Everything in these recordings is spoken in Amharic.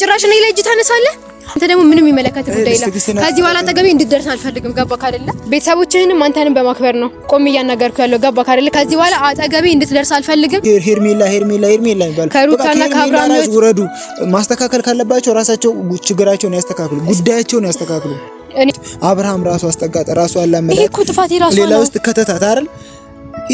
ጭራሽ እኔ ላይ እጅ ታነሳለህ። አንተ ደግሞ ምንም የሚመለከት ጉዳይ የለም። ከዚህ በኋላ አጠገቤ እንድትደርስ አልፈልግም። ገባህ አይደለ? ቤተሰቦችህንም አንተንም በማክበር ነው ቆም እያናገርኩ ያለው። ገባህ አይደለ? ከዚህ በኋላ አጠገቤ እንድትደርስ አልፈልግም። ሄርሜላ ሄርሜላ ሄርሜላ ይባል። ከሩታና ከአብርሃም ውረዱ። ማስተካከል ካለባቸው ራሳቸው ችግራቸውን ያስተካክሉ፣ ጉዳያቸውን ያስተካክሉ። አብርሃም ራሱ አስጠጋጠ ራሱ አላመዳ። ይሄ እኮ ጥፋት ራሱ ሌላ ውስጥ ከተታት አይደል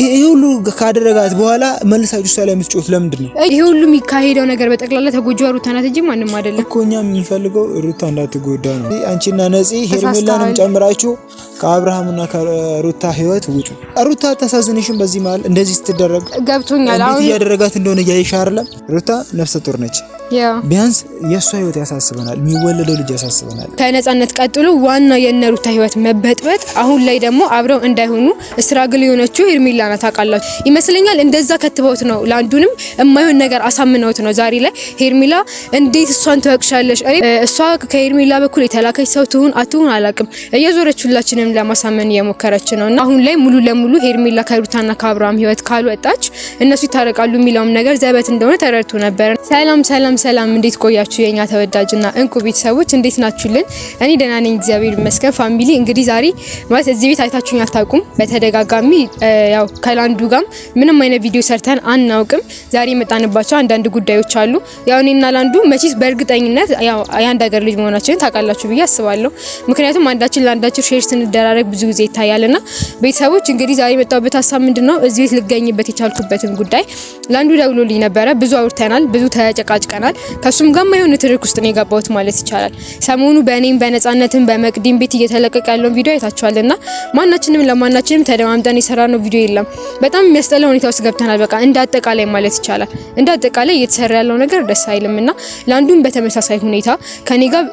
ይሄ ሁሉ ካደረጋት በኋላ መልሳችሁ እሷ ላይ የምትጮት ለምንድን ነው? ይሄ ሁሉ የሚካሄደው ነገር በጠቅላላ ተጎጂ ሩታ ናት እንጂ ማንም አይደለም እኮ። እኛም የምንፈልገው ሩታ እንዳትጎዳ ነው። አንቺና ነፂ ሄርሜላንም ጨምራችሁ ከአብርሃምና ከሩታ ህይወት ውጡ። ሩታ ተሳዝንሽም በዚህ መሀል እንደዚህ ስትደረግ ገብቶኛል። አሁን እያደረጋት እንደሆነ እያየሽ አይደለም። ሩታ ነፍሰ ጡር ነች። ቢያንስ የእሷ ህይወት ያሳስበናል፣ የሚወለደው ልጅ ያሳስበናል። ከነጻነት ቀጥሎ ዋና የነሩታ ህይወት መበጥበጥ፣ አሁን ላይ ደግሞ አብረው እንዳይሆኑ እስራግል የሆነችው ሄርሜላ ናት። ታውቃላችሁ ይመስለኛል እንደዛ ከትበውት ነው፣ ለአንዱንም የማይሆን ነገር አሳምነውት ነው። ዛሬ ላይ ሄርሜላ እንዴት እሷን ትወቅሻለሽ? እሷ ከሄርሜላ በኩል የተላከች ሰው ትሁን አትሁን አላውቅም፣ እየዞረች ሁላችንም ለማሳመን እየሞከረች ነው። እና አሁን ላይ ሙሉ ለሙሉ ሄርሜላ ከሩታና ከአብርሃም ህይወት ካልወጣች እነሱ ይታረቃሉ የሚለውም ነገር ዘበት እንደሆነ ተረድቶ ነበር። ሰላም ሰላም ሰላም እንዴት ቆያችሁ? የኛ ተወዳጅና እንቁ ቤተሰቦች እንዴት ናችሁልን? እኔ ደህና ነኝ እግዚአብሔር ይመስገን። ፋሚሊ እንግዲህ ዛሬ ማለት እዚህ ቤት አይታችሁኝ አታውቁም። በተደጋጋሚ ያው ከላንዱ ጋም ምንም አይነት ቪዲዮ ሰርተን አናውቅም። ዛሬ የመጣንባቸው አንዳንድ ጉዳዮች አሉ። ያው እኔና ላንዱ መቼስ በእርግጠኝነት ያው የአንድ ሀገር ልጅ መሆናችንን ታውቃላችሁ ብዬ አስባለሁ። ምክንያቱም አንዳችን ለአንዳችን ሼር ስንደራረግ ብዙ ጊዜ ይታያልና ቤተሰቦች እንግዲህ ዛሬ የመጣሁበት ሀሳብ ምንድን ነው እዚህ ቤት ልገኝበት የቻልኩበትን ጉዳይ ላንዱ ደውሎልኝ ነበረ። ብዙ አውርተናል፣ ብዙ ተጨቃጭቀናል ይሆናል። ከሱም ጋር የማይሆን ትርክ ውስጥ ነው የገባሁት ማለት ይቻላል። ሰሞኑ በእኔም በነጻነትም በመቅዲም ቤት እየተለቀቀ ያለውን ቪዲዮ አይታችኋልና ማናችንም ለማናችንም ተደማምጠን የሰራነው ነው ቪዲዮ የለም። በጣም የሚያስጠላ ሁኔታ ውስጥ ገብተናል። በቃ እንደ አጠቃላይ ማለት ይቻላል እንደ አጠቃላይ እየተሰራ ያለው ነገር ደስ አይልምና ለአንዱም በተመሳሳይ ሁኔታ ከኔ ጋር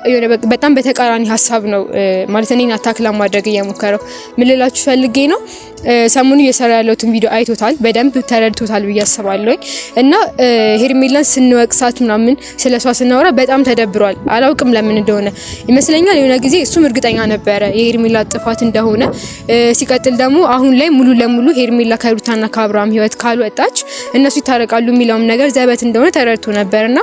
በጣም በተቃራኒ ሀሳብ ነው ማለት እኔን አታክ ለማድረግ እየሞከረው ምልላችሁ ፈልጌ ነው። ሰሞኑ እየሰራ ያለውትን ቪዲዮ አይቶታል፣ በደንብ ተረድቶታል ብዬ አስባለሁ እና ሄርሜላን ስንወቅሳት ምናምን ምናምን ስለ እሷ ስናወራ በጣም ተደብሯል። አላውቅም ለምን እንደሆነ ይመስለኛል። የሆነ ጊዜ እሱም እርግጠኛ ነበረ የሄርሜላ ጥፋት እንደሆነ። ሲቀጥል ደግሞ አሁን ላይ ሙሉ ለሙሉ ሄርሜላ ከሩታና ከአብርሃም ህይወት ካልወጣች እነሱ ይታረቃሉ የሚለውም ነገር ዘበት እንደሆነ ተረድቶ ነበርና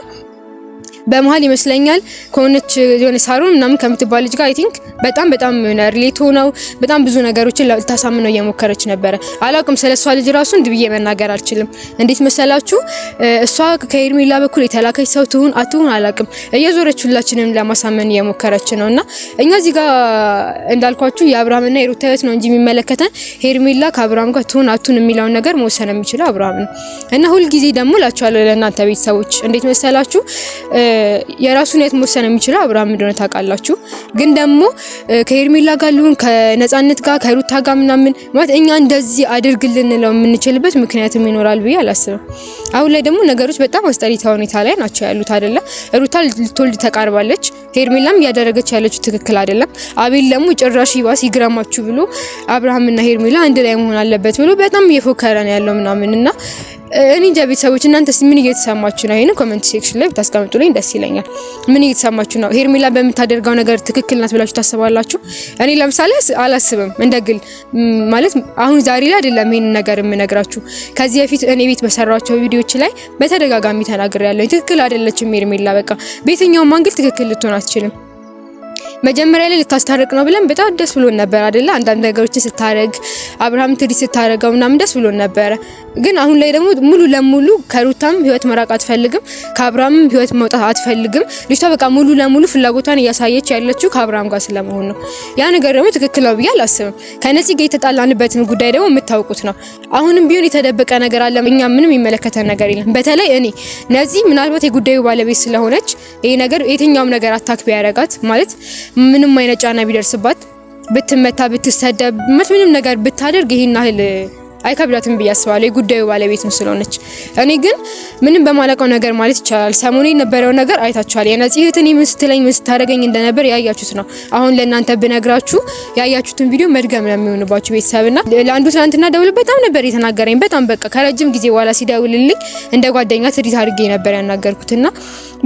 በመሀል ይመስለኛል ከሆነች የሆነ ሳሩን ምናምን ከምትባል ልጅ ጋር አይ ቲንክ በጣም በጣም ሪሌት ሆነው በጣም ብዙ ነገሮችን ልታሳምነው እየሞከረች ነበረ። አላውቅም ስለሷ ልጅ ራሱ እንዲህ ብዬ መናገር አልችልም። እንዴት መሰላችሁ እሷ ከሄርሜላ በኩል የተላከች ሰው ትሁን አትሁን አላውቅም፣ እየዞረች ሁላችንም ለማሳመን እየሞከረች ነው እና እኛ እዚህ ጋር እንዳልኳችሁ የአብርሃምና የሩታ ነው እንጂ የሚመለከተን ሄርሜላ ከአብርሃም ጋር ትሁን አትሁን የሚለውን ነገር መወሰን የሚችለው አብርሃም ነው እና ሁልጊዜ ደግሞ ላችኋለሁ ለእናንተ ቤተሰቦች እንዴት መሰላችሁ የራሱን የት መወሰን የሚችለው አብርሃም እንደሆነ ታውቃላችሁ። ግን ደግሞ ከሄርሜላ ጋር ሊሆን ከነጻነት ጋር ከሩታ ጋር ምናምን ማለት እኛ እንደዚህ አድርግ ልንለው የምንችልበት ምክንያትም ይኖራል ብዬ አላስብም። አሁን ላይ ደግሞ ነገሮች በጣም አስጠሪታ ሁኔታ ላይ ናቸው ያሉት አይደለ? ሩታ ልትወልድ ተቃርባለች። ሄርሜላም እያደረገች ያለችው ትክክል አደለም። አቤል ደግሞ ጭራሽ ይባስ ይግራማችሁ ብሎ አብርሃምና ሄርሜላ አንድ ላይ መሆን አለበት ብሎ በጣም እየፎከረ ነው ያለው ምናምን እና እኔ እንጃ ቤተሰቦች እናንተስ ምን እየተሰማችሁ ነው? ይህን ኮመንት ሴክሽን ላይ ብታስቀምጡ ላይ ደስ ደስ ይለኛል። ምን እየተሰማችሁ ነው? ሄርሜላ በምታደርገው ነገር ትክክል ናት ብላችሁ ታስባላችሁ? እኔ ለምሳሌ አላስብም። እንደ ግል ማለት አሁን ዛሬ ላይ አይደለም ይሄን ነገር የምነግራችሁ። ከዚህ በፊት እኔ ቤት በሰራቸው ቪዲዮዎች ላይ በተደጋጋሚ ተናግሬያለሁ። ትክክል አይደለችም ሄርሜላ። በቃ በየትኛውም አንግል ትክክል ልትሆን አትችልም። መጀመሪያ ላይ ልታስታርቅ ነው ብለን በጣም ደስ ብሎን ነበር አይደለ? አንዳንድ ነገሮችን ስታደርግ አብርሃም ትሪ ስታደርገው ምናምን ደስ ብሎን ነበረ። ግን አሁን ላይ ደግሞ ሙሉ ለሙሉ ከሩታም ህይወት መራቅ አትፈልግም፣ ከአብርሃምም ህይወት መውጣት አትፈልግም። ልጅቷ በቃ ሙሉ ለሙሉ ፍላጎቷን እያሳየች ያለችው ከአብርሃም ጋር ስለመሆን ነው። ያ ነገር ደግሞ ትክክል ነው ብዬ አላስብም። ከነዚህ ጋር የተጣላንበትን ጉዳይ ደግሞ የምታውቁት ነው። አሁንም ቢሆን የተደበቀ ነገር አለ። እኛ ምንም የሚመለከተን ነገር የለም። በተለይ እኔ ነዚህ ምናልባት የጉዳዩ ባለቤት ስለሆነች ይሄ ነገር የትኛውም ነገር አታክቢ ያደረጋት ማለት ምንም አይነት ጫና ቢደርስባት ብትመታ፣ ብትሰደብ፣ ምንም ነገር ብታደርግ ይሄን ያህል አይከብዳትም ብዬ አስባለሁ። የጉዳዩ ባለቤትም ስለሆነች። እኔ ግን ምንም በማላውቀው ነገር ማለት ይቻላል ሰሞኑ የነበረው ነገር አይታችኋል። የነጽ እህት ምን ስትለኝ ምን ስታደርገኝ እንደነበር ያያችሁት ነው። አሁን ለእናንተ ብነግራችሁ ያያችሁትን ቪዲዮ መድገም ነው የሚሆንባችሁ። ቤተሰብና ለአንዱ ትናንትና ደውል በጣም ነበር የተናገረኝ። በጣም በቃ ከረጅም ጊዜ በኋላ ሲደውልልኝ እንደ ጓደኛ ትሪት አድርጌ ነበር ያናገርኩትና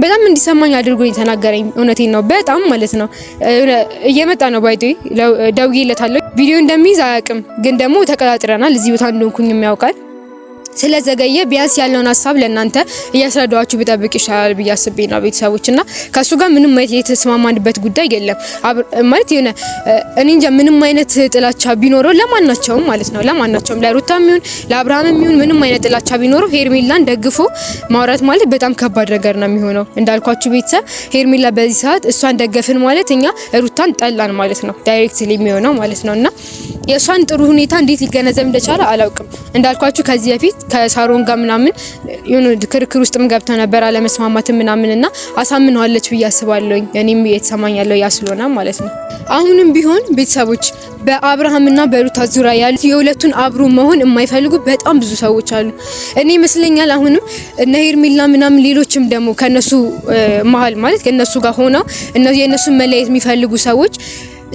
በጣም እንዲሰማኝ አድርጎ የተናገረኝ እውነቴን ነው። በጣም ማለት ነው። እየመጣ ነው ባይ ደውዬለታለሁ። ቪዲዮ እንደሚይዝ አያውቅም፣ ግን ደግሞ ተቀጣጥረናል። እዚህ ቦታ እንደሆንኩኝ የሚያውቃል ስለዘገየ ቢያንስ ያለውን ሀሳብ ለእናንተ እያስረዳዋችሁ ቢጠብቅ ይሻላል ብዬ አስቤ ነው ቤተሰቦች። እና ከእሱ ጋር ምንም አይነት የተስማማንበት ጉዳይ የለም ማለት የሆነ እኔ እንጃ ምንም አይነት ጥላቻ ቢኖረው ለማናቸውም ማለት ነው ለማናቸውም ለሩታ ይሁን ለአብርሃም የሚሆን ምንም አይነት ጥላቻ ቢኖረው ሄርሜላን ደግፎ ማውራት ማለት በጣም ከባድ ነገር ነው የሚሆነው። እንዳልኳችሁ ቤተሰብ ሄርሜላ በዚህ ሰዓት እሷን ደገፍን ማለት እኛ ሩታን ጠላን ማለት ነው ዳይሬክትሊ የሚሆነው ማለት ነው እና የእሷን ጥሩ ሁኔታ እንዴት ሊገነዘብ እንደቻለ አላውቅም። እንዳልኳችሁ ከዚህ በፊት ከሳሮን ጋር ምናምን የሆነ ክርክር ውስጥም ገብተ ነበር አለመስማማትም ምናምን እና አሳምነዋለች ብዬ አስባለሁ። እኔም የተሰማኝ ያለው ያ ስለሆነ ማለት ነው። አሁንም ቢሆን ቤተሰቦች በአብርሃምና በሩታ ዙሪያ ያሉት የሁለቱን አብሮ መሆን የማይፈልጉ በጣም ብዙ ሰዎች አሉ። እኔ ይመስለኛል አሁንም እነ ሄርሜላ ምናምን ሌሎችም ደግሞ ከነሱ መሀል ማለት ከነሱ ጋር ሆነው የእነሱን መለየት የሚፈልጉ ሰዎች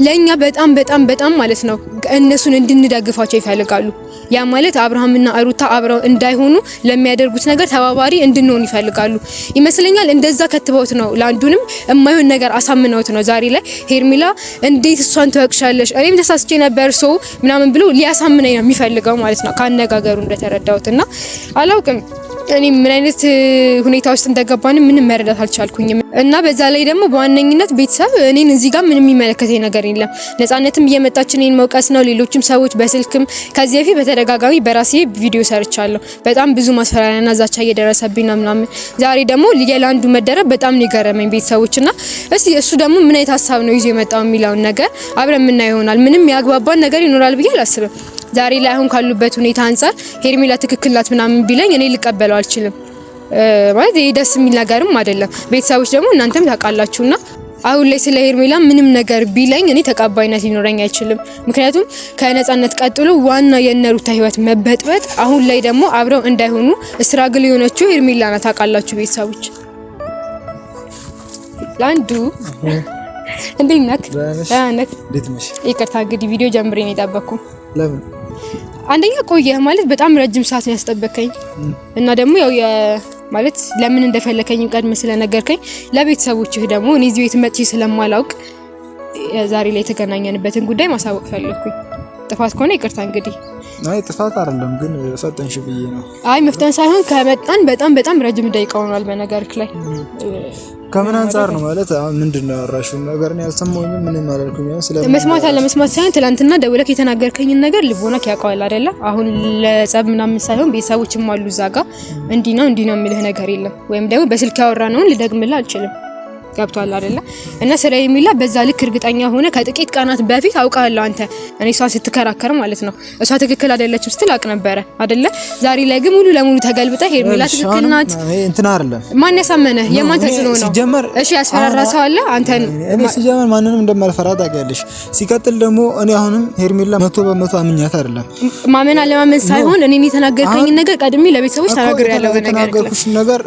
ለእኛ በጣም በጣም በጣም ማለት ነው እነሱን እንድንደግፋቸው ይፈልጋሉ። ያ ማለት አብርሃምና ሩታ አብረው እንዳይሆኑ ለሚያደርጉት ነገር ተባባሪ እንድንሆን ይፈልጋሉ ይመስለኛል። እንደዛ ከትበውት ነው ለአንዱንም የማይሆን ነገር አሳምነውት ነው። ዛሬ ላይ ሄርሚላ እንዴት እሷን ትወቅሻለሽ፣ እኔም ተሳስቼ ነበር ሰው ምናምን ብሎ ሊያሳምነኝ ነው የሚፈልገው ማለት ነው፣ ካነጋገሩ እንደተረዳሁት እና አላውቅም እኔ ምን አይነት ሁኔታ ውስጥ እንደገባንም ምንም መረዳት አልቻልኩኝም። እና በዛ ላይ ደግሞ በዋነኝነት ቤተሰብ እኔን እዚህ ጋር ምንም የሚመለከተኝ ነገር የለም። ነጻነትም እየመጣች እኔን መውቀስ ነው። ሌሎችም ሰዎች በስልክም ከዚህ በፊት በተደጋጋሚ በራሴ ቪዲዮ ሰርቻለሁ። በጣም ብዙ ማስፈራሪያና ዛቻ እየደረሰብኝ ነው ምናምን። ዛሬ ደግሞ የላንዱ መደረብ በጣም ነው የገረመኝ ቤተሰቦች። እና እስቲ እሱ ደግሞ ምን አይነት ሀሳብ ነው ይዞ የመጣው የሚለውን ነገር አብረን የምናየው ይሆናል። ምንም ያግባባን ነገር ይኖራል ብዬ አላስብም። ዛሬ ላይ አሁን ካሉበት ሁኔታ አንጻር ሄርሜላ ትክክል ናት ምናምን ቢለኝ እኔ ልቀበለው አልችልም። ማለት ይሄ ደስ የሚል ነገርም አይደለም። ቤተሰቦች ደግሞ እናንተም ታውቃላችሁና አሁን ላይ ስለ ሄርሜላ ምንም ነገር ቢለኝ እኔ ተቀባይነት ሊኖረኝ አይችልም። ምክንያቱም ከነጻነት ቀጥሎ ዋና የነሩታ ህይወት መበጥበጥ፣ አሁን ላይ ደግሞ አብረው እንዳይሆኑ እስራግል የሆነችው ሄርሜላ ናት። ታውቃላችሁ ቤተሰቦች። ላንዱ እንዴት ነክ ነክ ይቅርታ እንግዲህ ቪዲዮ ጀምሬ ነው ለምን አንደኛ ቆየህ ማለት በጣም ረጅም ሰዓት ነው ያስጠበከኝ እና ደግሞ ያው ማለት ለምን እንደፈለከኝ ቀድም ስለነገርከኝ ለቤተሰቦችህ ደግሞ እኔ እዚህ ቤት መጥቼ ስለማላውቅ ዛሬ ላይ የተገናኘንበትን ጉዳይ ማሳወቅ ፈለኩኝ። ጥፋት ከሆነ ይቅርታ እንግዲህ አይ ጥፋት አይደለም ግን ፈጠንሽ ብዬ ነው። አይ መፍጠን ሳይሆን ከመጣን በጣም በጣም ረጅም ደቂቃ ሆኗል። በነገርክ ላይ ከምን አንጻር ነው ማለት ምንድን ነው ያወራሽው ነገር ነው ያልሰማሁኝ። ምን አላልኩም። ነው? ስለ መስማት አለ መስማት ሳይሆን ትላንትና ደውለክ የተናገርከኝን ነገር ልቦናክ ያውቀዋል አይደለ? አሁን ለጸብ ምናምን ሳይሆን ቤተሰቦችም አሉ እዛ ጋ እንዲህ ነው እንዲህ ነው የሚልህ ነገር የለም። ወይም ደግሞ በስልክ ያወራነውን ልደግምልህ አልችልም ገብቷል አይደለ? እና ስራ የሚላ በዛ ልክ እርግጠኛ ሆነ ከጥቂት ቀናት በፊት አውቃለሁ አንተ እኔ እሷ ስትከራከር ማለት ነው እሷ ትክክል አይደለችም ስትል አውቅ ነበረ አይደለ? ዛሬ ላይ ግን ሙሉ ለሙሉ ተገልብጠ ሄርሜላ ትክክል ናት። እንትና አይደለም ማን ያሳመነ የማን ተጽዕኖ ነው? ሲጀመር እሺ ያስፈራራ ሰው አለ አንተን። እኔ ሲጀመር ማንንም እንደማልፈራ ታውቂያለሽ። ሲቀጥል ደግሞ እኔ አሁንም ሄርሚላ መቶ በመቶ አምኛት አይደለም። ማመን አለማመን ሳይሆን እኔ የተናገርከኝ ነገር ቀድሜ ለቤተሰቦች ተናግሬያለሁ። ነገር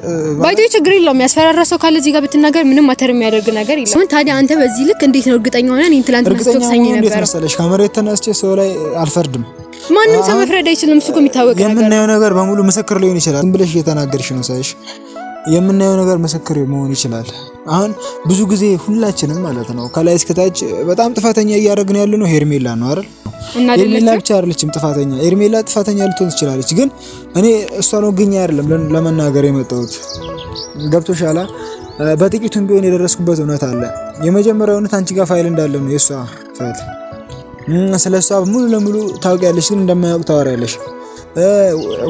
ባይቶ ችግር የለውም። ያስፈራራ ሰው ካለ እዚህ ጋር ብትናገር ምንም ማተር የሚያደርግ ነገር የለም። ታዲያ አንተ በዚህ ልክ እንዴት ነው እርግጠኛ ሆነ? እኔን ትላንትና ስትወቅሰኝ ነበር። እንዴት መሰለሽ ከመሬት ተነስቼ ሰው ላይ አልፈርድም። ማንም ሰው መፍረድ አይችልም። እሱ እኮ የሚታወቅ ነገር የምናየው ነገር በሙሉ ምስክር ሊሆን ይችላል። ዝም ብለሽ እየተናገርሽ ነው ሳይሽ የምናየው ነገር ምስክር መሆን ይችላል። አሁን ብዙ ጊዜ ሁላችንም ማለት ነው ከላይ እስከታች በጣም ጥፋተኛ እያደረግን ያለ ነው ሄርሜላ ነው አይደል? ሄርሜላ ብቻ አይደለችም ጥፋተኛ። ሄርሜላ ጥፋተኛ ልትሆን ትችላለች፣ ግን እኔ እሷን ወግኛ አይደለም ለመናገር የመጣሁት ገብቶሻላ በጥቂቱም ቢሆን የደረስኩበት እውነት አለ። የመጀመሪያው እውነት አንቺ ጋር ፋይል እንዳለ ነው። የእሷ ፋይል ስለ እሷ ሙሉ ለሙሉ ታውቂያለሽ፣ ግን እንደማያውቅ ታወሪያለሽ።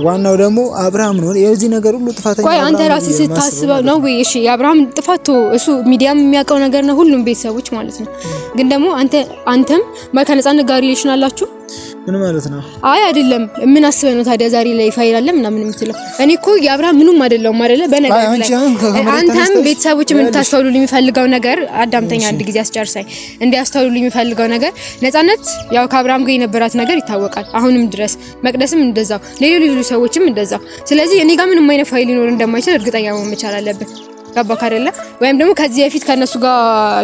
ዋናው ደግሞ አብርሃም ነው። የዚህ ነገር ሁሉ ጥፋተኛ ቆይ፣ አንተ ራስህ ስታስበው ነው ወይ? እሺ፣ የአብርሃም ጥፋቱ እሱ ሚዲያም የሚያውቀው ነገር ነው፣ ሁሉም ቤተሰቦች ማለት ነው። ግን ደግሞ አንተ አንተም ከነጻነት ጋር ሪሌሽን አላችሁ ምን ማለት ነው? አይ አይደለም። ምን አስበህ ነው ታዲያ ዛሬ ላይ ፋይል አለ ምናምን የምትለው? እኔ እኮ የአብርሃም ምንም አይደለም አይደለ? በነገር ላይ አንተም ቤተሰቦች ምን የሚፈልገው ነገር አዳምተኛ አንድ ጊዜ አስጨርሳኝ። እንዲያስተውሉ የሚፈልገው ነገር ነፃነት ያው ከአብርሃም ጋር የነበራት ነገር ይታወቃል። አሁንም ድረስ መቅደስም እንደዛው፣ ሌሎች ሰዎችም እንደዛው። ስለዚህ እኔ ጋር ምንም አይነት ፋይል ሊኖር እንደማይችል እርግጠኛ መሆን መቻል አለብን። ገባክ አይደለ? ወይም ደግሞ ከዚህ በፊት ከነሱ ጋር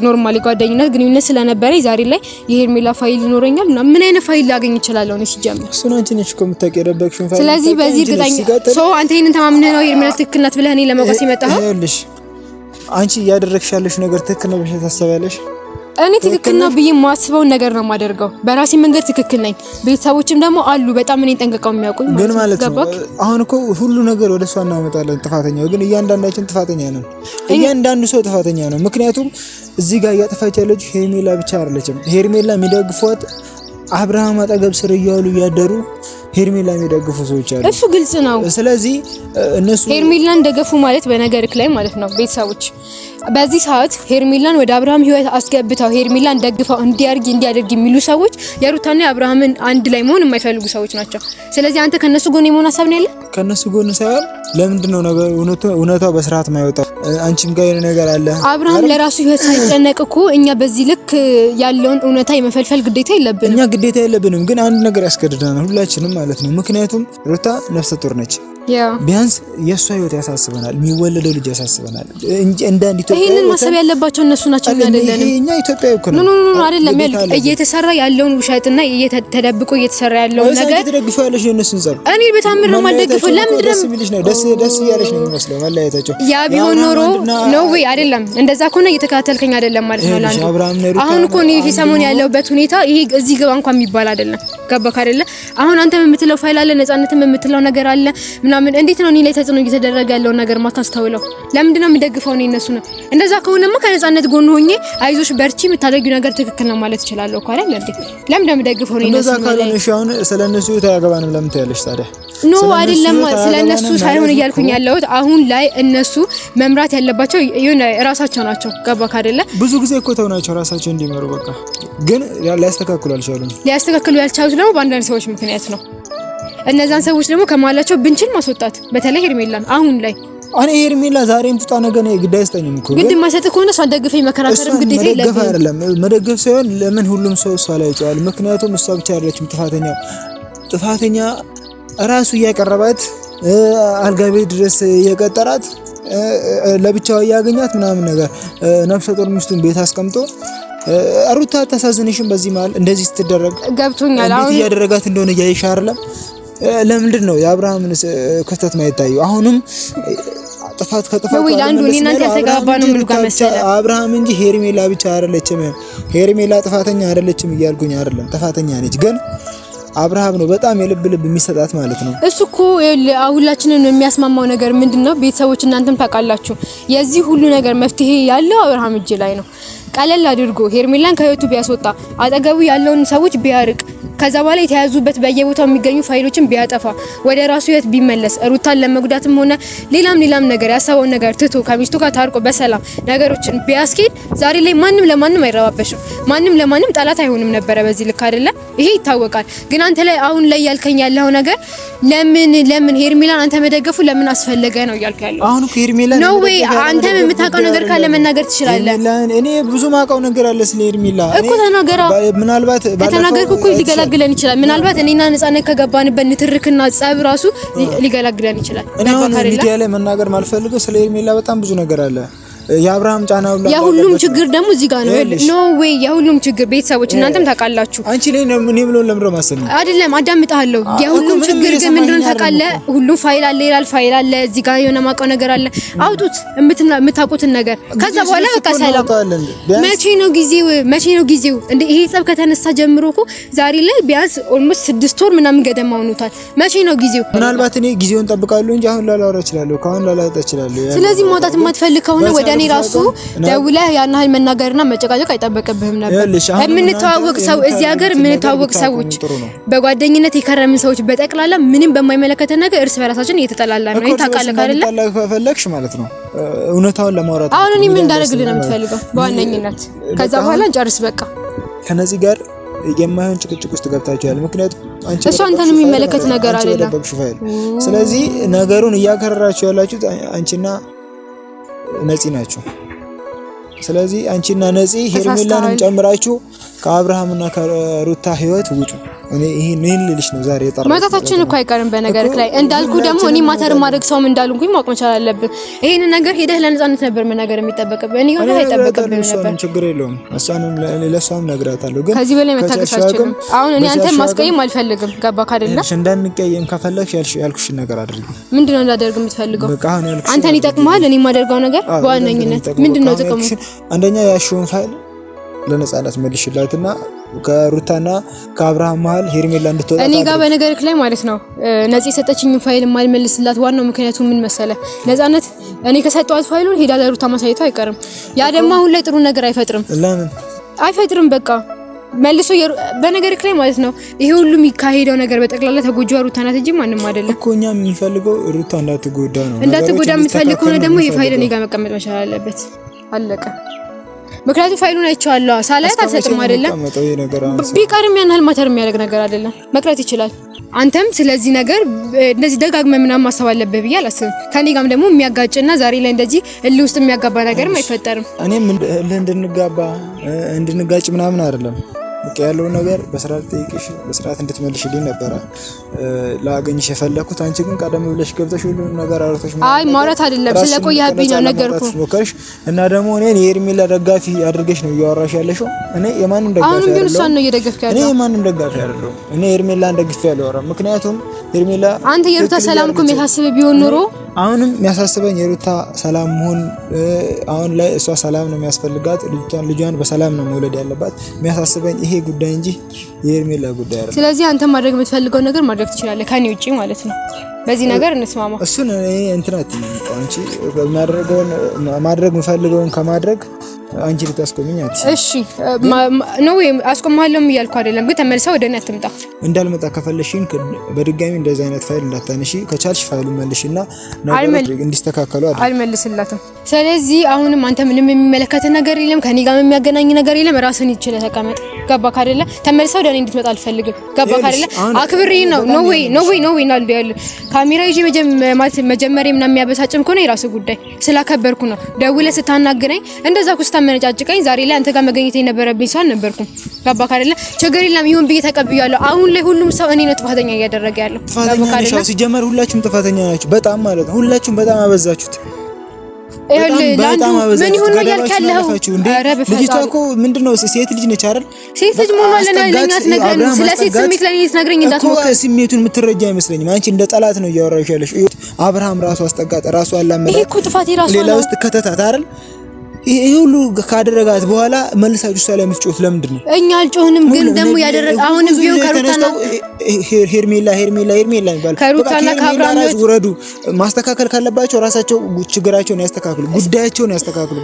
ኖርማሊ ጓደኝነት ግንኙነት ስለነበረ ዛሬ ላይ የሄርሜላ ፋይል ይኖረኛል እና ምን አይነት ፋይል ላገኝ ይችላል? ሆነ ሲጀምር እሱ ነው ነሽ እኮ የምታቀረበክ ፋይል። ስለዚህ በዚህ እርግጠኛ ሰው አንተ ይሄንን ተማምነህ ነው ሄርሜላ ትክክል ናት ብለህ እኔ ለመውቀስ የመጣኸው? ይኸውልሽ አንቺ እያደረግሽ ያለሽ ነገር ትክክል ነው ብለሽ ታስቢያለሽ? እኔ ትክክል ነው ብዬ የማስበውን ነገር ነው የማደርገው። በራሴ መንገድ ትክክል ነኝ። ቤተሰቦችም ደግሞ አሉ በጣም እኔን ጠንቅቀው የሚያውቁኝ ግን ማለት ነው። አሁን እኮ ሁሉ ነገር ወደ እሷ እናመጣለን። ጥፋተኛ ግን እያንዳንዳችን ጥፋተኛ ነን። እያንዳንዱ ሰው ጥፋተኛ ነው። ምክንያቱም እዚህ ጋር እያጠፋች ያለች ሄርሜላ ብቻ አይደለችም። ሄርሜላ የሚደግፏት አብርሃም አጠገብ ስር እያሉ እያደሩ ሄርሜላ የሚደግፉ ሰዎች አሉ። እሱ ግልጽ ነው። ስለዚህ እነሱ ሄርሜላን ደገፉ ማለት በነገርክ ላይ ማለት ነው ቤተሰቦች በዚህ ሰዓት ሄርሚላን ወደ አብርሃም ህይወት አስገብተው ሄርሚላን ደግፈው እንዲያርግ እንዲያደርግ የሚሉ ሰዎች የሩታና የአብርሃምን አንድ ላይ መሆን የማይፈልጉ ሰዎች ናቸው። ስለዚህ አንተ ከነሱ ጎን የመሆን ሀሳብ ነው ያለ። ከነሱ ጎን ሳይሆን ለምንድን ነው እውነታው በስርዓት ማይወጣው? አንቺም ጋር የሆነ ነገር አለ። አብርሃም ለራሱ ህይወት ሳይጨነቅ እኮ እኛ በዚህ ልክ ያለውን እውነታ የመፈልፈል ግዴታ የለብንም። እኛ ግዴታ የለብንም፣ ግን አንድ ነገር ያስገድደናል ሁላችንም ማለት ነው። ምክንያቱም ሩታ ነፍሰ ጡር ነች። ቢያንስ የእሷ ህይወት ያሳስበናል፣ የሚወለደው ልጅ ያሳስበናል። እንደ ይህንን ማሰብ ያለባቸው እነሱ ናቸው። እኛ ኢትዮጵያ እኮ ነው አይደለም ያሉት እየተሰራ ያለውን ውሸትና ተደብቆ እየተሰራ ያለውን ነገር ተደግፈው ያለሽ ነው እነሱን ጸብ እኔ በታምር ነው የማልደግፈው። ለምንድን ነው ደስ ደስ እያለሽ ነው የሚመስለው መለያየታቸው። ያ ቢሆን ኖሮ ነው ወይ አይደለም? እንደዛ ከሆነ እየተከታተልከኝ አይደለም ማለት ነው። ለአንዱ አሁን እኮ ነው ይሄ ሰሞን ያለሁበት ሁኔታ ይሄ እዚህ ግባ እንኳን የሚባል አይደለም። ገባክ አይደለም? አሁን አንተም የምትለው ፋይል አለ፣ ነጻነትም የምትለው ነገር አለ ምናምን ምናምን እንዴት ነው እኔ ላይ ተጽዕኖ እየተደረገ ያለውን ነገር ማታስተውለው? ለምንድን ነው የሚደግፈው እኔ እነሱ ነው? እንደዛ ከሆነማ ከነጻነት ጎን ሆኜ አይዞሽ በርቺ የምታደርጊው ነገር ትክክል ነው ማለት እችላለሁ እኮ አይደል እንዴ? ለምንድን ነው የሚደግፈው እኔ እነሱ ነው? እሺ አሁን ስለ እነሱ ታያገባንም ለምን ታያለሽ ታዲያ? ኖ አይደለም፣ ስለ እነሱ ሳይሆን እያልኩኝ ያለሁት አሁን ላይ እነሱ መምራት ያለባቸው የሆነ ራሳቸው ናቸው። ገባክ ካደለ ብዙ ጊዜ እኮ ተው ናቸው ራሳቸው እንዲመሩ በቃ። ግን ሊያስተካክሉ አልቻሉም። ሊያስተካክሉ ያልቻሉት ደግሞ በአንዳንድ ሰዎች ምክንያት ነው። እነዛን ሰዎች ደግሞ ከማላቸው ብንችል ማስወጣት፣ በተለይ ሄርሜላን አሁን ላይ እኔ ሄርሜላ ዛሬም ትጣ ነገ ነው ግድ አይስጠኝም እኮ ግድ ማሰጥ ከሆነ እሷን ደግፈኝ መከራከርም ግዴታ የለብህም። አይደለም መደገፍ ሳይሆን ለምን ሁሉም ሰው እሷ ላይ ይጫዋል? ምክንያቱም እሷ ብቻ አይደለችም ጥፋተኛ ጥፋተኛ ራሱ እያቀረባት አልጋ ቤት ድረስ እየቀጠራት ለብቻው እያገኛት ምናምን ነገር ነፍሰ ጡር ሚስቱን ቤት አስቀምጦ ሩታ አታሳዝንሽም? በዚህ መሀል እንደዚህ ስትደረግ ገብቶኛል። አሁን እያደረጋት እንደሆነ እያየሽ አይደለም ለምንድን ነው የአብርሃምን ክፍተት ማይታየው? አሁንም ጥፋት ከጥፋት አንዱ ነው። ምን አብርሃም እንጂ ሄርሜላ ብቻ አይደለችም። ሄርሜላ ጥፋተኛ አይደለችም እያልኩኝ አይደለም፣ ጥፋተኛ ነች ግን አብርሃም ነው በጣም የልብ ልብ የሚሰጣት ማለት ነው። እሱ እኮ ሁላችንን የሚያስማማው ነገር ምንድን ነው? ቤተሰቦች እናንተም ታውቃላችሁ፣ የዚህ ሁሉ ነገር መፍትሄ ያለው አብርሃም እጅ ላይ ነው። ቀለል አድርጎ ሄርሜላን ከህይወቱ ቢያስወጣ አጠገቡ ያለውን ሰዎች ቢያርቅ ከዛ በኋላ የተያዙበት በየቦታው የሚገኙ ፋይሎችን ቢያጠፋ ወደ ራሱ ህይወት ቢመለስ ሩታን ለመጉዳትም ሆነ ሌላም ሌላም ነገር ያሰበውን ነገር ትቶ ከሚስቱ ጋር ታርቆ በሰላም ነገሮችን ቢያስኬድ ዛሬ ላይ ማንም ለማንም አይረባበሽም፣ ማንም ለማንም ጠላት አይሆንም ነበረ። በዚህ ልክ አይደለም፣ ይሄ ይታወቃል። ግን አንተ ላይ አሁን ላይ ያልከኝ ያለው ነገር ለምን ለምን ሄርሜላን አንተ መደገፉ ለምን አስፈለገ ነው እያልኩ ያለው። አሁን ሄርሜላን ነው ወይ አንተም የምታውቀው ነገር ካለ መናገር ትችላለህ። ብዙ ማውቀው ነገር አለ ስለ ሄርሜላ እኮ ተናገራ። ምናልባት ከተናገርኩ እኮ ሊገላግለን ይችላል። ምናልባት እኔና ነፃነት ከገባንበት ንትርክና ጸብ ራሱ ሊገላግለን ይችላል። እኔ አሁን ሚዲያ ላይ መናገር ማልፈልገው ስለ ሄርሜላ በጣም ብዙ ነገር አለ የአብርሃም ጫና ሁሉ የሁሉም ችግር ደግሞ እዚህ ጋር ነው። ኖ ዌይ የሁሉም ችግር ቤተሰቦች፣ እናንተም ታውቃላችሁ። አንቺ ላይ ነው ምን ብሎ ለምሮ ማሰብ አይደለም። አዳምጣለሁ። የሁሉም ችግር ግን ምንድነው እንደሆነ ታውቃለህ። ሁሉም ፋይል አለ ይላል። ፋይል አለ እዚህ ጋር የሆነ ማውቀው ነገር አለ። አውጡት፣ የምታውቁትን ነገር። ከዛ በኋላ በቃ ሰላም። መቼ ነው ጊዜው? መቼ ነው ጊዜው? እንደ ይሄ ጸብ ከተነሳ ጀምሮ እኮ ዛሬ ላይ ቢያንስ ኦልሞስት ስድስት ወር ምናምን ገደማ ሆኖታል። መቼ ነው ጊዜው? ምናልባት እኔ ጊዜውን ጠብቃለሁ እንጂ አሁን ላላወራ እችላለሁ፣ ከአሁን ላላወጣ እችላለሁ። ስለዚህ ማውጣት የማትፈልግ ከሆነ ወደ ለእኔ ራሱ ደውለህ ያን ያህል መናገርና መጨቃጨቅ አይጠበቅብህም ነበር። የምንተዋወቅ ሰው እዚህ ሀገር የምንተዋወቅ ሰዎች በጓደኝነት የከረምን ሰዎች በጠቅላላ ምንም በማይመለከተ ነገር እርስ በራሳችን እየተጠላላ ነው። ታውቃለህ አይደለ? ፈለግሽ ማለት ነው እውነታውን ለማውራት አሁን እኔ ምን እንዳደረግልህ ነው የምትፈልገው በዋነኝነት? ከዛ በኋላ እንጨርስ በቃ ከነዚህ ጋር የማይሆን ጭቅጭቅ ውስጥ ገብታችኋል። ምክንያቱም አንቺ እሱ አንተን የሚመለከት ነገር አይደለም። ስለዚህ ነገሩን እያከረራችሁ ያላችሁት አንቺና ነፂ ናችሁ። ስለዚህ አንቺና ነፂ ሄርሜላንም ጨምራችሁ ከአብርሃምና ከሩታ ህይወት ውጡ። እኔ ይሄን ይሄን ልልሽ ነው ዛሬ የጠራሁት። መጣታችን እኮ አይቀርም። በነገር ላይ እንዳልኩ ደግሞ እኔ ማተር ማድረግ ሰውም እንዳልኩኝ ማወቅ መቻል አለብን። ይሄን ነገር ሄደህ ለነፃነት ነበር መናገር የሚጠበቅብህ። እኔ ሆነ አይጠበቅብህ ነበር። ችግር የለውም። እሷንም ለሷም ነግራታለሁ። ግን ከዚህ በላይ መታገስ አልችልም። አሁን እኔ አንተን ማስቀየም አልፈልግም። ገባህ አይደለ? እንዳንቀየም ከፈለግሽ ያልኩሽ ነገር አድርጊ። ምንድነው እንዳደርግ የምትፈልገው? በቃ አሁን ያልኩሽ አንተን ይጠቅማል። እኔ የማደርገው ነገር በዋነኝነት ምንድነው ጥቅሙ? አንደኛ ያሽውን ፋይል ለነጻነት መልሽላትና ከሩታና ከአብርሃም መሀል ሄርሜላ እንድትወጣ እኔ ጋር በነገርክ ላይ ማለት ነው። ነጽ የሰጠችኝ ፋይል ማልመልስላት ዋናው ምክንያቱ ምን መሰለ? ነጻነት እኔ ከሰጠዋት ፋይሉን ሄዳ ለሩታ ማሳየቱ አይቀርም። ያ ደግሞ አሁን ላይ ጥሩ ነገር አይፈጥርም። ለምን አይፈጥርም? በቃ መልሶ በነገርክ ላይ ማለት ነው። ይሄ ሁሉም ካሄደው ነገር በጠቅላላ ተጎጂዋ ሩታ ናት እንጂ ማንም አይደለም እኮ። እኛ የምንፈልገው ሩታ እንዳትጎዳ ነው። እንዳትጎዳ የምትፈልግ ከሆነ ደግሞ ይሄ ፋይል እኔ ጋር መቀመጥ መቻል አለበት። አለቀ። ምክንያቱም ፋይሉን አይቼዋለሁ ሳላያት አልሰጥም አይደለም። ቢቀርም ያን ያህል ማተር የሚያደርግ ነገር አይደለም። መቅረት ይችላል። አንተም ስለዚህ ነገር እንደዚህ ደጋግመህ ምናምን ማሰብ አለብህ ብዬ አላስብም። ከኔ ጋርም ደግሞ የሚያጋጭና ዛሬ ላይ እንደዚህ እልህ ውስጥ የሚያጋባ ነገርም አይፈጠርም። እኔም እንድንጋባ እንድንጋጭ ምናምን አይደለም በቃ ያለውን ነገር በስርዓት ጠይቅሽ በስርዓት እንድትመልሽልኝ ነበረ ላገኝሽ የፈለኩት። አንቺ ግን ቀደም ብለሽ ገብተሽ ሁሉ ነገር አረቶች። አይ ማውራት አይደለም ስለቆያብኝ ነው ነገርኩ ሞከርሽ እና ደግሞ እኔን የሄርሜላ ደጋፊ አድርገሽ ነው እያወራሽ ያለሽው። እኔ የማንም ደጋፊ አይደለሁም። አሁን ግን እሷን ነው እየደገፍክ ያለው። እኔ የማንም ደጋፊ አይደለሁም። እኔ ሄርሜላን ደግፌ አላወራም። ምክንያቱም ሄርሜላ አንተ የሩታ ሰላም እኮ የሚያሳስብህ ቢሆን ኑሮ አሁንም የሚያሳስበኝ የሩታ ሰላም መሆን አሁን ላይ እሷ ሰላም ነው የሚያስፈልጋት። ልጇን በሰላም ነው መውለድ ያለባት የሚያሳስበኝ ይሄ ጉዳይ እንጂ የሄርሜላ ጉዳይ አይደለም። ስለዚህ አንተ ማድረግ የምትፈልገው ነገር ማድረግ ትችላለህ፣ ከኔ ውጪ ማለት ነው። በዚህ ነገር እንስማማ። እሱን እኔ እንትን አትይኝ። አንቺ ማድረግ የምፈልገውን ከማድረግ አንቺ ልታስቆሚኝ አትሽ። እሺ ነው ወይም አስቆማለሁ እያልኩ አይደለም፣ ግን ተመልሰው ወደ እኔ አትምጣ። እንዳልመጣ ከፈለሽኝ በድጋሚ እንደዚህ አይነት ፋይል እንዳታነሺ። ከቻልሽ ፋይሉ መልሽና እንዲስተካከሉ አይደል? አልመልስላትም። ስለዚህ አሁንም አንተ ምንም የሚመለከት ነገር የለም፣ ከኔ ጋር የሚያገናኝ ነገር የለም። ራስን ይችላል። ተቀመጥ። ገባክ አይደለ? ተመልሰው ወደ እኔ እንድትመጣ አልፈልግም። ገባክ አይደለ? አክብሬ ነው ነው ወይ ነው ወይ ነው ወይ ናል ያለ ካሜራ ይዤ ማለት መጀመሪያ ምናምን የሚያበሳጭም ከሆነ የራስህ ጉዳይ። ስላከበርኩ ነው ደውለህ ስታናግረኝ እንደዛ ኩስታ አታመነጫጭቀኝ። ዛሬ ላይ አንተ ጋር መገኘት የነበረብኝ ሰው አልነበርኩም። ገባህ አይደለ? ችግር የለም ይሁን ብዬ ተቀብያለሁ። አሁን ላይ ሁሉም ሰው እኔ ነው ጥፋተኛ እያደረገ ያለው። ጥፋተኛ ሲጀመር ሁላችሁም ጥፋተኛ ናችሁ። በጣም ማለት ነው። ሁላችሁም በጣም አበዛችሁት። ልጅቷ እኮ ምንድን ነው ሴት ልጅ ነች አይደል? ሴት ልጅ ስሜቱን የምትረጃ አይመስለኝም። አንቺ እንደ ጠላት ነው እያወራሽ ያለሽ። አብርሃም ራሱ ራሱ ሌላ ውስጥ ከተታት አይደል ይሄ ሁሉ ካደረጋት በኋላ መልሳችሁ እሷ ላይ የምትጮት ለምንድን ነው? እኛ አልጮህንም፣ ግን ደግሞ ያደረግ አሁን ቢሆን ከሩታና ሄርሜላ ሄርሜላ ሄርሜላ ይባል ከሩታና ካብራም ውረዱ። ማስተካከል ካለባቸው ራሳቸው ችግራቸውን ያስተካክሉ፣ ጉዳያቸውን ያስተካክሉ።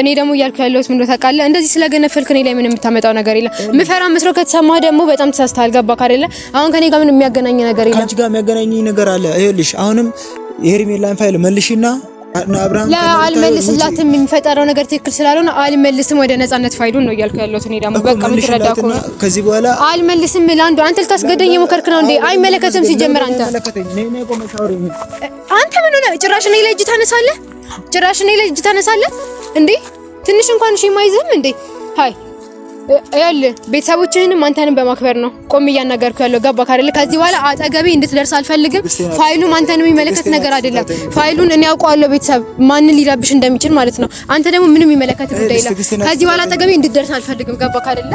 እኔ ደግሞ እያልኩ ያለሁት ምንድነው ታውቃለህ? እንደዚህ ስለገነፈልክ እኔ ላይ ምን የምታመጣው ነገር የለም። ምፈራ መስሎ ከተሰማህ ደግሞ በጣም ተሳስተሃል። ገባህ አይደለ? አሁን ከኔ ጋር ምን የሚያገናኝ ነገር የለም። አንቺ ጋር የሚያገናኝ ነገር አለ። ይኸውልሽ አሁንም የሄርሜላን ፋይል መልሽና አልመልስላትም። የሚፈጠረው ነገር ትክክል ስላልሆነ አልመልስም። ወደ ነጻነት ፋይሉን ነው እያልኩ ያለሁት እኔ ደግሞ በቃ የምትረዳ ከሆነ ከዚህ በኋላ አልመልስም። ለአንዱ አንተ ልታስገደኝ የሞከርክ ነው እንዴ? አይመለከትም። ሲጀምር አንተ አንተ ምን ሆነ? ጭራሽ እኔ ላይ እጅ ታነሳለህ? ጭራሽ እኔ ላይ እጅ ታነሳለህ እንዴ? ትንሽ እንኳን እሺ የማይዝህም እንዴ? ሀይ ያለ ቤተሰቦችህንም አንተንም በማክበር ነው ቆም እያናገርኩ ያለው። ገባህ አይደለ? ከዚህ በኋላ አጠገቤ እንድትደርስ አልፈልግም። ፋይሉ ማንተን የሚመለከት ነገር አይደለም። ፋይሉን እኔ አውቀዋለሁ፣ ቤተሰብ ማንን ሊረብሽ እንደሚችል ማለት ነው። አንተ ደግሞ ምንም የሚመለከት ጉዳይ የለም። ከዚህ በኋላ አጠገቤ እንድትደርስ አልፈልግም። ገባህ አይደለ?